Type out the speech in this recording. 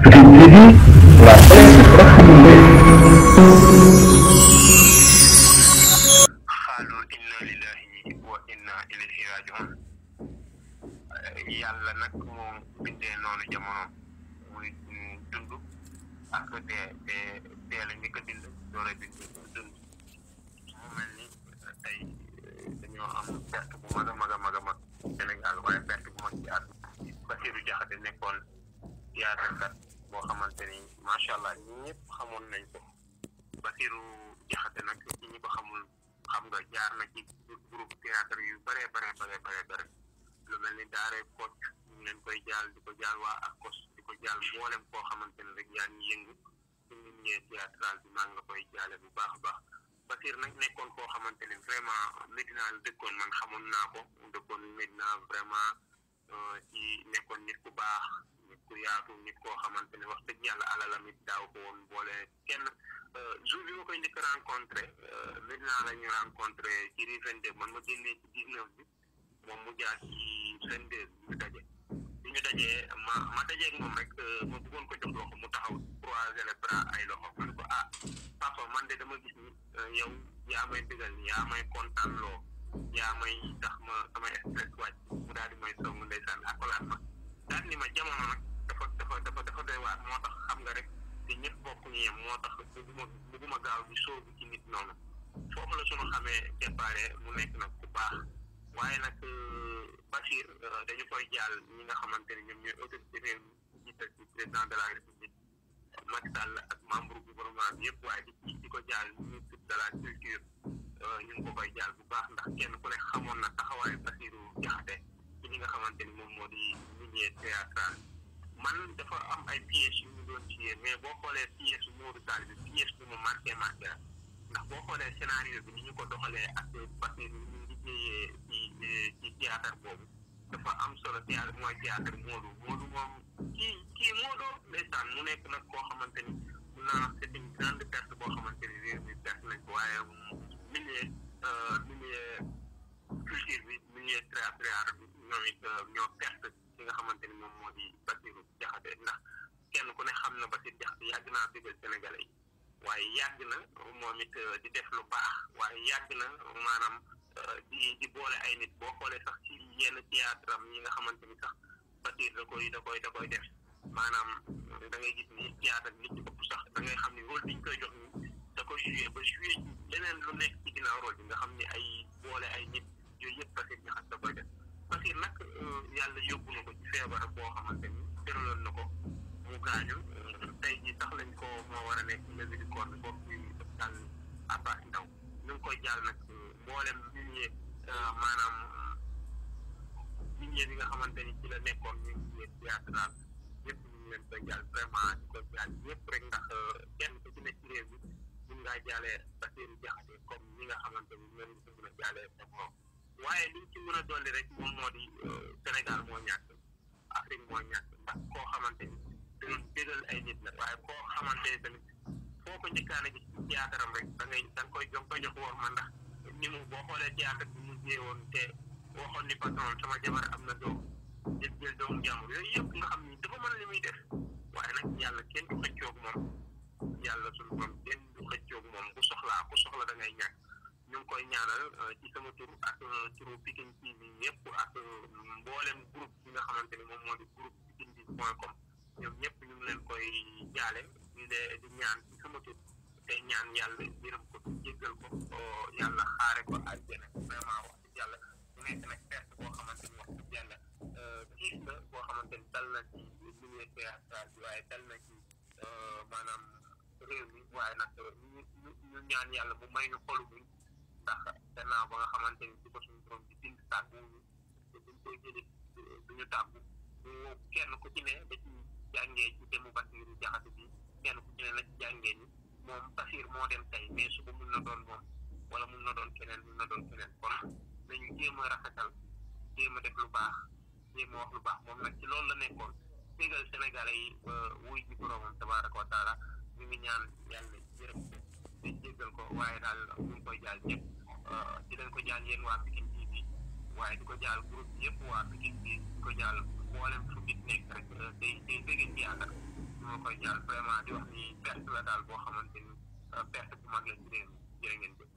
Quindi la presa yàlla nag moom bindee noonu jamono muy dund ak dee dee dee la njëkk a bind door a bind dund mu mel ni tey dañoo am perte bu mag a mag a mag a mag Sénégal waaye perte bu mag ci at théâtre boo xamante ni macha allah ñëpp xamoon nañ ko Basiru Jaxate nag ci ñi xamul xam nga jaar na ci groupe théâtre yu bare bare bare bare bare lu mel ni daaree kocc ñu leen koy jaal di ko jaal waa ACOS di ko jaal mboolem koo xamante ne rek yaa ngi yëngu ci milieu théâtral bi maa koy jaale bu baax baax Basir nag nekkoon koo xamante ne vraiment Medina la dëkkoon man xamoon naa ko dëkkoon Medina vraiment euh, ci nekkoon nit bu baax ku yaatu nit koo xamante ne wax dëgg yàlla alalam it daaw ko woon boole kenn euh, jour bi ma koy njëkk rencontré euh, maintenant la ñu rencontré ci rue 22 man ma génnee ci bi moom mu jaar ci 22 ñu daje bi ñu dajee ma ma dajeeg moom rek euh, ma bëggoon ko jox loxo mu taxaw trois les bras ay loxo ma ne ko ah papa man de dama gis ni yow yaa may dëggal ni yaa loo yaa may tax ma samay stress wàcc mu daal di may song ndeysaan akolaat ma daal ma jamono nag dafa dafa dafa dafa doy waar moo tax xam nga rek te ñëpp bokk ñu yem moo tax bugguma bugguma gaaw bi sóobu ci nit noonu foofu la suñu xamee déparé mu nekk nag ku baax waaye nag euh, Bachir euh, dañu koy jàll ñi nga xamante ne ñoom ñooy autorité réew mi ci président de la république Macky Sall ak membre gouvernement bi yëpp waaye di di ko jàll ministre de la culture euh, ñu ngi ko koy jàll bu baax ndax kenn ku ne xamoon na taxawaayu Bassirou Diakhaté ci li nga xamante ni moom moo di milieu théâtral loolu dafa am ay pièces yu ñu doon siyee mais boo xoolee pièce su Modou Tall bi pièce bu mu marqué marqué la ndax boo xoolee scénario bi ni ñu ko doxalee ak parce que ni ñu liggéeyee ci ci théâtre boobu dafa am solo théâtre mooy théâtre Modou Modou moom kii kii Modou ndeysaan mu nekk nag koo xamante ni mun naa wax c'est une grande perte boo xamante ni réew mi perte nañ ko waaye milieu euh, milieu culture bi milieu théâtre bi ñoom it euh, ñoo defee ndax kenn ku ne xam na Basir Diakhaté yàgg naa bégal sénégale yi waaye yàgg na moom it euh, di def lu baax waaye yàgg na maanaam euh, di di boole ay nit boo xoolee sax ci yenn théâtre am yi nga xamante ni sax Basir da koy da koy da koy def maanaam euh, da ngay gis ni théâtre nit ci ëpp sax dangay xam ni rôle bi koy jox ni da koy joué ba joué ci lu nekk ci ginnaaw rol bi nga xam ni ay boole ay nit yooyu yëpp Basir Diakhaté da koy def Basir nag yàlla yóbbu na ko ci feebar boo xamante tëraloon na ko mu gaañu tey jii tax lañ ko moo war a nekk levée du corps bi foofu ci hôpital Abass Ndao ñu ngi jàll nag mboolem nit ñi euh, maanaam nit ñi bi nga xamante ci la nekkoon ñu ngi leen théâtral ñëpp di ko jàll rek ndax euh, kenn ku ci nekk ci réew mi mun ngaa jàllee Bassirou Diakhaté comme ñi nga xamante ni ñoom ñu ko mën a ak waaye liñ ci a dolli rek moo di moo euh, moo ñàkk ak koo xamante ni dañu dégal ay nit nag waaye koo xamante ni tamit foo ko njëkkaan a gis ci théâtre rek da ngay koy da nga jox woon man ndax ni mu boo xoolee théâtre bi mu jiyee woon te waxoon ni patron sama jabar am na doom jël jël doomu jàmbur yooyu yëpp nga xam ni dafa man li muy def waaye nag yàlla kenn du xëccoog moom yàlla suñu moom kenn du xëccoog moom ku soxlaa ku soxla da ngay ñàkk ñu ngi koy ñaanal euh, ci sama tur ak euh, turu Pikine TV yëpp ak euh, mboolem groupe bi nga xamante ni moom moo di groupe point com ñoom ñëpp ñu ngi leen koy jaale ñu de di ñaan ci sama tur te ñaan yàlla yërëm ko jéggal ko yàlla xaare ko àjjana vraiment wax dëgg boo xamante ni wax dëgg yàlla euh, tiis la boo xamante ni na ci milieu théâtral waaye dal na ci euh, maanaam réew mi waaye nag ñu ñu ñaan yàlla bu may ñu xolu buñ ndax gannaaw ba nga xamante ni ci ko suñu borom di bind tàgguwuñu te duñ koy jëlee duñu tàggu kenn ku ci ne da ci jàngee ci demu basiru jaxatu bi kenn ku ci ne la ci jàngee ni moom basir moo dem tey mais suba mun na doon moom wala mun na doon keneen mun na doon keneen kon nañu jéem a rafetal jéem a def lu baax jéem a wax lu baax moom nag ci loolu la nekkoon fégal sénégalais yi wuy ji boromam tabaraka wa taala ñu ngi ñaan yàlla yërëm di jéggal ko waaye daal ñu ngi koy jaal ñëpp di leen ko jaal eh, yéen waa pikin tv waaye di ko jaal groupe yëpp waa pikin tv di ko jaal mboolem fu nit nekk rek day day bëggee ci yàlla moo koy jaar vraiment di wax ni perte daal boo xamante ni perte bu mag la ci réew mi jërë ngeen jëf